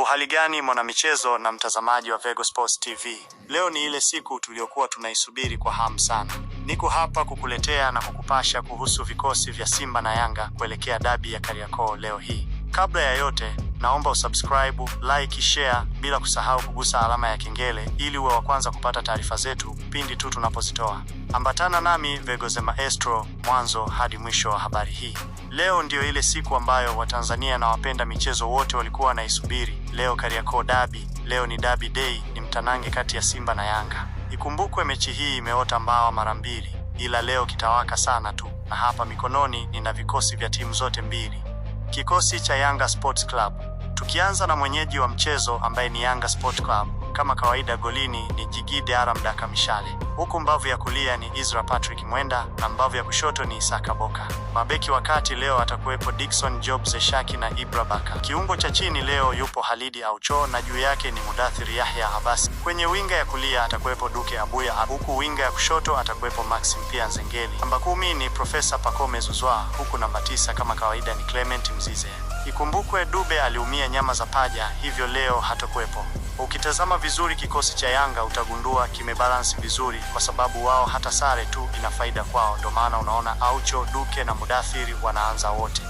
Uhali gani mwanamichezo na mtazamaji wa Vego Sports TV, leo ni ile siku tuliyokuwa tunaisubiri kwa hamu sana. Niko hapa kukuletea na kukupasha kuhusu vikosi vya Simba na Yanga kuelekea dabi ya Kariakoo leo hii. Kabla ya yote, naomba usubscribe, like, share bila kusahau kugusa alama ya kengele ili uwe wa kwanza kupata taarifa zetu pindi tu tunapozitoa. Ambatana nami Vegoze Maestro mwanzo hadi mwisho wa habari hii. Leo ndio ile siku ambayo Watanzania na wapenda michezo wote walikuwa wanaisubiri leo Kariakoo dabi. Leo ni dabi day, ni mtanange kati ya Simba na Yanga. Ikumbukwe mechi hii imeota mbawa mara mbili, ila leo kitawaka sana tu, na hapa mikononi nina vikosi vya timu zote mbili. Kikosi cha Yanga Sports Club, tukianza na mwenyeji wa mchezo ambaye ni Yanga Sports Club kama kawaida golini ni Jigi Diarra Mdaka Mishale, huku mbavu ya kulia ni Izra Patrick Mwenda na mbavu ya kushoto ni Isaka Boka. Mabeki wakati leo atakuwepo Dickson Job Zeshaki na Ibra Baka. Kiungo cha chini leo yupo Halidi Aucho na juu yake ni Mudathir Yahya Habasi. Kwenye winga ya kulia atakuwepo Duke Abuya, huku winga ya kushoto atakuwepo Maxim Pia Nzengeli. Namba kumi ni Profesa Pacome Zuzwa, huku namba tisa kama kawaida ni Clement Mzize. Ikumbukwe Dube aliumia nyama za paja, hivyo leo hatokuwepo Ukitazama vizuri kikosi cha Yanga utagundua kimebalansi vizuri, kwa sababu wao hata sare tu ina faida kwao. Ndio maana unaona Aucho, Duke na Mudathiri wanaanza wote.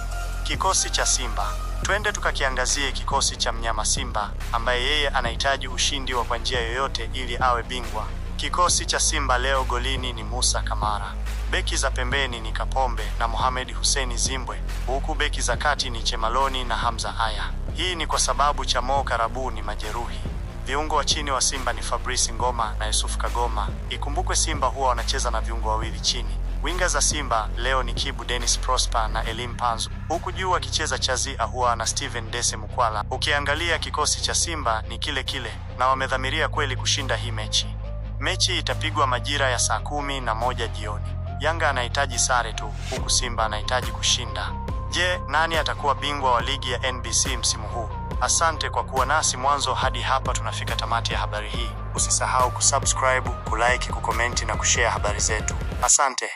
Kikosi cha Simba, twende tukakiangazie kikosi cha mnyama Simba ambaye yeye anahitaji ushindi wa kwa njia yoyote ili awe bingwa. Kikosi cha Simba leo golini ni Musa Kamara, beki za pembeni ni Kapombe na Mohamed huseni Zimbwe, huku beki za kati ni Chemaloni na Hamza Aya. Hii ni kwa sababu Mo Karabu ni majeruhi. Viungo wa chini wa Simba ni Fabrice Ngoma na Yusuf Kagoma. Ikumbukwe Simba huwa wanacheza na viungo wawili chini. Winga za Simba leo ni Kibu Dennis Prosper na Elim Panzu, huku juu akicheza Chazi Ahua na Steven Dese Mukwala. Ukiangalia kikosi cha Simba ni kile kile na wamedhamiria kweli kushinda hii mechi. Mechi itapigwa majira ya saa kumi na moja jioni. Yanga anahitaji sare tu, huku Simba anahitaji kushinda. Je, nani atakuwa bingwa wa ligi ya NBC msimu huu? Asante kwa kuwa nasi mwanzo hadi hapa. Tunafika tamati ya habari hii. Usisahau kusubscribe, kulike, kukomenti na kushare habari zetu. Asante.